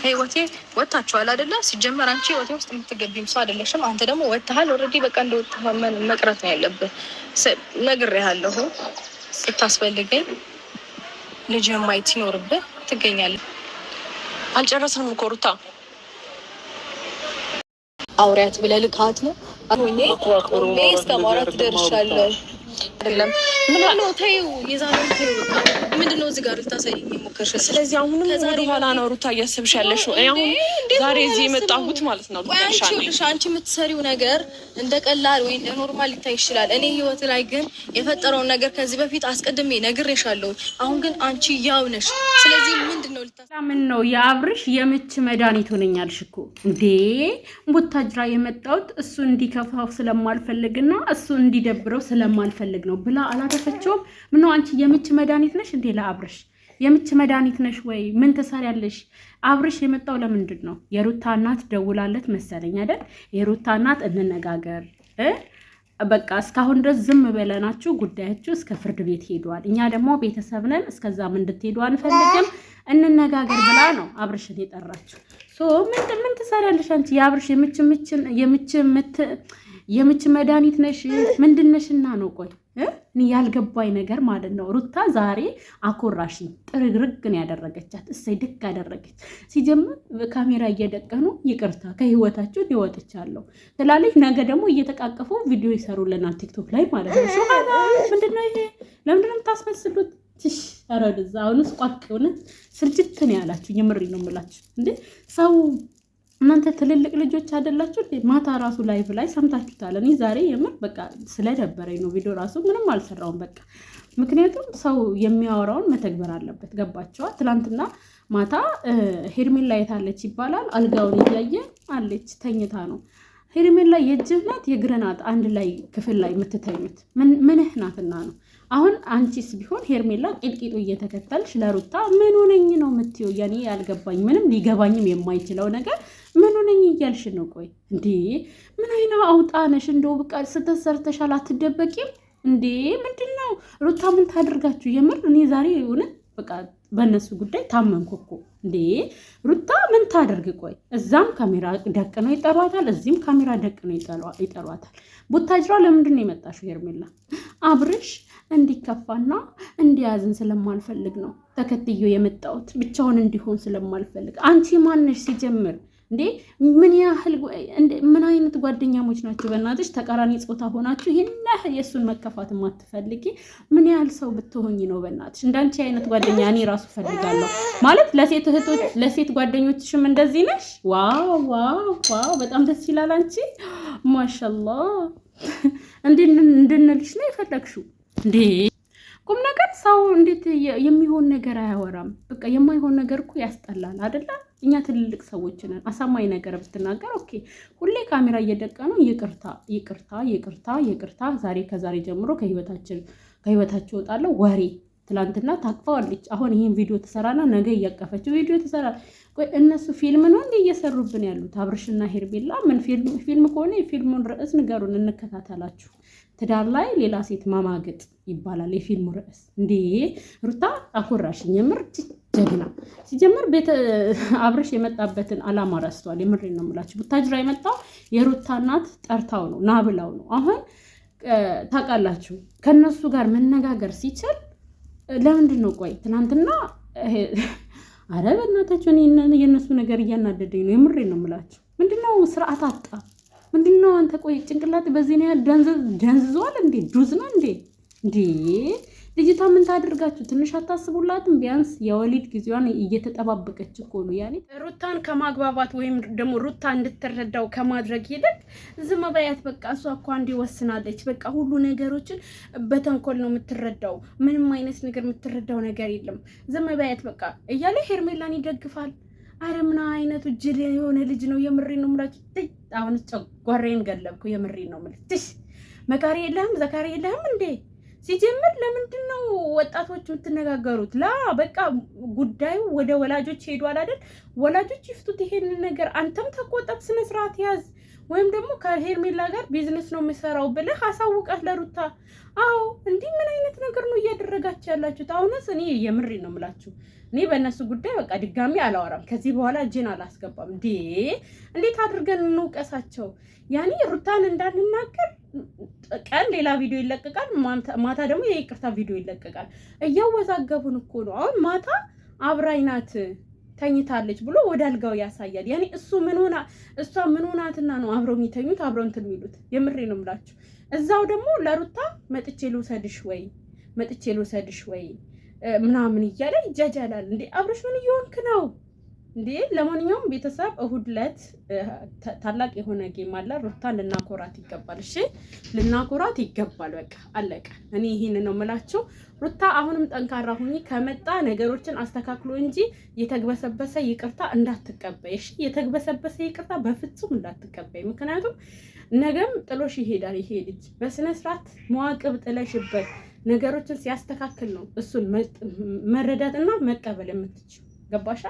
ከህይወቴ ወጥታችኋል አይደለ? ሲጀመር አንቺ ህይወቴ ውስጥ የምትገቢም ሰው አይደለሽም። አንተ ደግሞ ወጥተሃል። ኦልሬዲ በቃ እንደወጣ መቅረት ነው ያለብህ። ነግሬሃለሁ። ስታስፈልገኝ ልጅ ማየት ሲኖርብህ ትገኛለህ። አልጨረስንም እኮ ሩታ አውሪያት ብለህ ልካት ነው እስከ ማውራት ደርሻለሁ። ምን ነው ተይው፣ የዛሬውን እዚህ ጋር የሞከርሽ። ስለዚህ አሁንም ወደ ኋላ ነው ሩታ እያሰብሽ ያለሽ። አሁን ዛሬ እዚህ የመጣሁት ማለት ነው አንቺ የምትሰሪው ነገር እንደ ቀላል ወይ ኖርማል ሊታይ ይችላል። እኔ ህይወት ላይ ግን የፈጠረውን ነገር ከዚህ በፊት አስቀድሜ ነግሬሻለሁ። አሁን ግን አንቺ ያው ነሽ። ስለዚህ ምንድን ነው ልታ ምን ነው የአብርሽ የምች መድኃኒት ሆነኛልሽ እኮ እንዴ ቡታጅራ የመጣሁት እሱ እንዲከፋው ስለማልፈልግና እሱ እንዲደብረው ስለማልፈልግ ነው ብላ ምነው አንቺ የምች መድኃኒት ነሽ እንዴ አብርሽ የምች መድኃኒት ነሽ ወይ? ምን ትሰሪያለሽ? አብርሽ የመጣው ለምንድን ነው? የሩታ እናት ደውላለት መሰለኝ አይደል? የሩታ እናት እንነጋገር በቃ እስካሁን ድረስ ዝም በለናችሁ፣ ጉዳያችሁ እስከ ፍርድ ቤት ሄዷል። እኛ ደግሞ ቤተሰብ ነን፣ እስከዛም እንድትሄዱ አንፈልግም፣ እንነጋገር ብላ ነው አብርሽን የጠራችሁ። ምን ምን ትሰሪያለሽ አንቺ? የአብርሽ የምች የምች መድኃኒት ነሽ ምንድነሽና ነው? ቆይ ያልገባኝ ነገር ማለት ነው። ሩታ ዛሬ አኮራሽኝ፣ ጥርግርግ ነው ያደረገቻት። እሰይ ድክ ያደረገች። ሲጀምር ካሜራ እየደቀኑ ይቅርታ ከህይወታችሁ ይወጥቻለሁ ትላለች። ነገ ደግሞ እየተቃቀፉ ቪዲዮ ይሰሩልናል ቲክቶክ ላይ ማለት ነው። ምንድነው ይሄ? ለምንድነው የምታስመስሉት? ትሽ ኧረ ወደዛ አሁንስ ቋቅ ሆነ። ስልችት ነው ያላችሁ። የምሬ ነው የምላችሁ እንዴ ሰው እናንተ ትልልቅ ልጆች አይደላችሁ? ማታ ራሱ ላይቭ ላይ ሰምታችሁታል። እኔ ዛሬ የምር በቃ ስለደበረኝ ነው ቪዲዮ ራሱ ምንም አልሰራውም። በቃ ምክንያቱም ሰው የሚያወራውን መተግበር አለበት። ገባቸዋ። ትላንትና ማታ ሄርሜን ላይ የታለች ይባላል። አልጋውን እያየ አለች ተኝታ ነው ሄርሜላ የእጅህ ናት የእግርህ ናት አንድ ላይ ክፍል ላይ የምትተኙት ምንህ ናትና ነው። አሁን አንቺስ ቢሆን ሄርሜላ ቂጥቂጡ እየተከተልሽ ለሩታ ምን ሆነኝ ነው የምትይው? ያኔ ያልገባኝ ምንም ሊገባኝም የማይችለው ነገር ምኑ ነኝ እያልሽ ነው? ቆይ እንዴ ምን አይና አውጣነሽ እንደው በቃ ስህተት ሰርተሻል አትደበቂም እንዴ? ምንድን ነው ሩታ ምን ታደርጋችሁ? የምር እኔ ዛሬ እውነት በቃ በእነሱ ጉዳይ ታመምኩ እኮ እንዴ። ሩታ ምን ታደርግ? ቆይ እዛም ካሜራ ደቅ ነው ይጠሯታል፣ እዚህም ካሜራ ደቅ ነው ይጠሯታል። ቡታጅራ ለምንድን ነው የመጣሽው ሄርሜላ? አብርሽ እንዲከፋና እንዲያዝን ስለማልፈልግ ነው ተከትዮ የመጣሁት፣ ብቻውን እንዲሆን ስለማልፈልግ። አንቺ ማነሽ ሲጀምር እንዴ ምን ያህል ምን አይነት ጓደኛሞች ናቸው? በእናትሽ ተቃራኒ ጾታ ሆናችሁ ይህን የእሱን መከፋት ማትፈልጊ ምን ያህል ሰው ብትሆኝ ነው? በእናትሽ እንዳንቺ አይነት ጓደኛ እኔ ራሱ ፈልጋለሁ ማለት ለሴት እህቶች ለሴት ጓደኞችሽም እንደዚህ ነሽ? ዋው ዋው ዋው በጣም ደስ ይላል። አንቺ ማሻላ እንድንልሽ ነው የፈለግሽው እንዴ ቁም ነገር ሰው እንዴት የሚሆን ነገር አያወራም። በቃ የማይሆን ነገር እኮ ያስጠላል አደለ? እኛ ትልልቅ ሰዎች ነን። አሳማኝ ነገር ብትናገር ኦኬ። ሁሌ ካሜራ እየደቀኑ ይቅርታ፣ ይቅርታ፣ ይቅርታ፣ ይቅርታ ዛሬ ከዛሬ ጀምሮ ከህይወታችን ከህይወታችሁ እወጣለሁ ወሬ ትላንትና ታቅፈዋለች። አሁን ይህን ቪዲዮ ትሰራና ነገ እያቀፈችው ቪዲዮ ትሰራ። ቆይ እነሱ ፊልም ነው እንዲ እየሰሩብን ያሉት አብርሽና ሄርሜላ? ምን ፊልም ከሆነ የፊልሙን ርዕስ ንገሩን እንከታተላችሁ። ትዳር ላይ ሌላ ሴት ማማገጥ ይባላል የፊልሙ ርዕስ። እንዴ ሩታ አኮራሽኝ የምር ጀግና ሲጀምር ቤተ አብርሽ የመጣበትን አላማ ረስተዋል። የምሬ ነው የምላችሁ። ቡታጅራ የመጣው የሩታ እናት ጠርታው ነው ናብላው ነው። አሁን ታውቃላችሁ ከእነሱ ጋር መነጋገር ሲችል ለምንድን ነው ቆይ ትናንትና አረ በእናታቸውን የእነሱ ነገር እያናደደኝ ነው። የምሬ ነው የምላቸው። ምንድነው ስርዓት አጣ። ምንድነው አንተ ቆይ ጭንቅላት በዚህ ያህል ደንዝዟል እንዴ? ዱዝ ነው እንዴ? እንዴ ልጅቷ ምን ታደርጋችሁ? ትንሽ አታስቡላትም? ቢያንስ የወሊድ ጊዜዋን እየተጠባበቀች እኮ ነው። ያኔ ሩታን ከማግባባት ወይም ደግሞ ሩታ እንድትረዳው ከማድረግ ይልቅ ዝም በያት በቃ። እሷ እኮ አንድ ይወስናለች በቃ ሁሉ ነገሮችን በተንኮል ነው የምትረዳው። ምንም አይነት ነገር የምትረዳው ነገር የለም። ዝም በያት በቃ እያለ ሄርሜላን ይደግፋል። አረ ምን አይነቱ ጅል የሆነ ልጅ ነው! የምሬን ነው የምላችሁ። አሁን ጨጓሬን ገለብኩ። የምሬን ነው ምልትሽ። መካሪ የለህም ዘካሪ የለህም እንዴ? ሲጀምር ለምንድን ነው ወጣቶች የምትነጋገሩት? ላ በቃ ጉዳዩ ወደ ወላጆች ሄዷል አይደል? ወላጆች ይፍቱት ይሄንን ነገር። አንተም ተቆጠብ፣ ስነ ስርዓት ያዝ። ወይም ደግሞ ከሄርሜላ ጋር ቢዝነስ ነው የምሰራው ብለህ አሳውቀህ ለሩታ። አዎ እንዲህ ምን አይነት ነገር ነው እያደረጋችሁ ያላችሁት? አሁንስ እኔ የምሬ ነው የምላችሁ። እኔ በእነሱ ጉዳይ በቃ ድጋሚ አላወራም። ከዚህ በኋላ እጄን አላስገባም። እንዴ እንዴት አድርገን እንውቀሳቸው? ያኔ ሩታን እንዳንናገር ቀን ሌላ ቪዲዮ ይለቀቃል፣ ማታ ደግሞ የይቅርታ ቪዲዮ ይለቀቃል። እያወዛገቡን እኮ ነው። አሁን ማታ አብራኝ ናት ተኝታለች ብሎ ወደ አልጋው ያሳያል። ያኔ እሱ ምን ሆና እሷ ምን ሆናትና ነው አብረው የሚተኙት አብረው እንትን የሚሉት? የምሬ ነው የምላችሁ። እዛው ደግሞ ለሩታ መጥቼ ልውሰድሽ ወይ መጥቼ ልውሰድሽ ወይ ምናምን እያለ ይጃጃላል። እንዴ አብረሽ ምን እየሆንክ ነው? እንዴ ለማንኛውም ቤተሰብ እሁድ ዕለት ታላቅ የሆነ ጌም አለ። ሩታ ልናኮራት ይገባል። እሺ ልናኮራት ይገባል። በቃ አለቀ። እኔ ይህን ነው የምላችሁ። ሩታ አሁንም ጠንካራ ሁኚ። ከመጣ ነገሮችን አስተካክሎ እንጂ የተግበሰበሰ ይቅርታ እንዳትቀበይ። እሺ የተግበሰበሰ ይቅርታ በፍጹም እንዳትቀበይ። ምክንያቱም ነገም ጥሎሽ ይሄዳል። ይሄ ልጅ በስነ ስርዓት መዋቅብ ጥለሽበት ነገሮችን ሲያስተካክል ነው እሱን መረዳትና መቀበል የምትችል ገባሻ?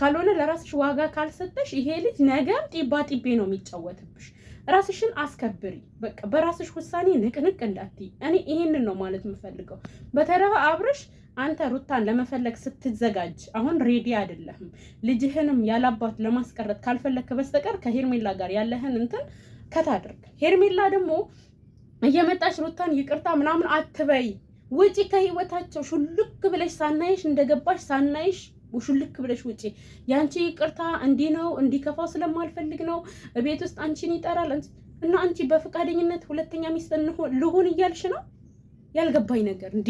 ካልሆነ ለራስሽ ዋጋ ካልሰጠሽ ይሄ ልጅ ነገም ጢባ ጢቤ ነው የሚጫወትብሽ። ራስሽን አስከብሪ። በቃ በራስሽ ውሳኔ ንቅንቅ እንዳትይ። እኔ ይሄንን ነው ማለት የምፈልገው። በተረፈ አብርሽ አንተ ሩታን ለመፈለግ ስትዘጋጅ አሁን ሬዲ አይደለህም። ልጅህንም ያላባት ለማስቀረት ካልፈለግክ በስተቀር ከሄርሜላ ጋር ያለህን እንትን ከታድርግ። ሄርሜላ ደግሞ እየመጣሽ ሩታን ይቅርታ ምናምን አትበይ። ውጪ ከህይወታቸው ሹልክ ብለሽ ሳናይሽ እንደገባሽ ሳናይሽ ውሹልክ ብለሽ ውጪ። የአንቺ ይቅርታ እንዲህ ነው እንዲከፋው ስለማልፈልግ ነው። ቤት ውስጥ አንቺን ይጠራል እና አንቺ በፈቃደኝነት ሁለተኛ ሚስት ልሆን እያልሽ ነው። ያልገባኝ ነገር እንዴ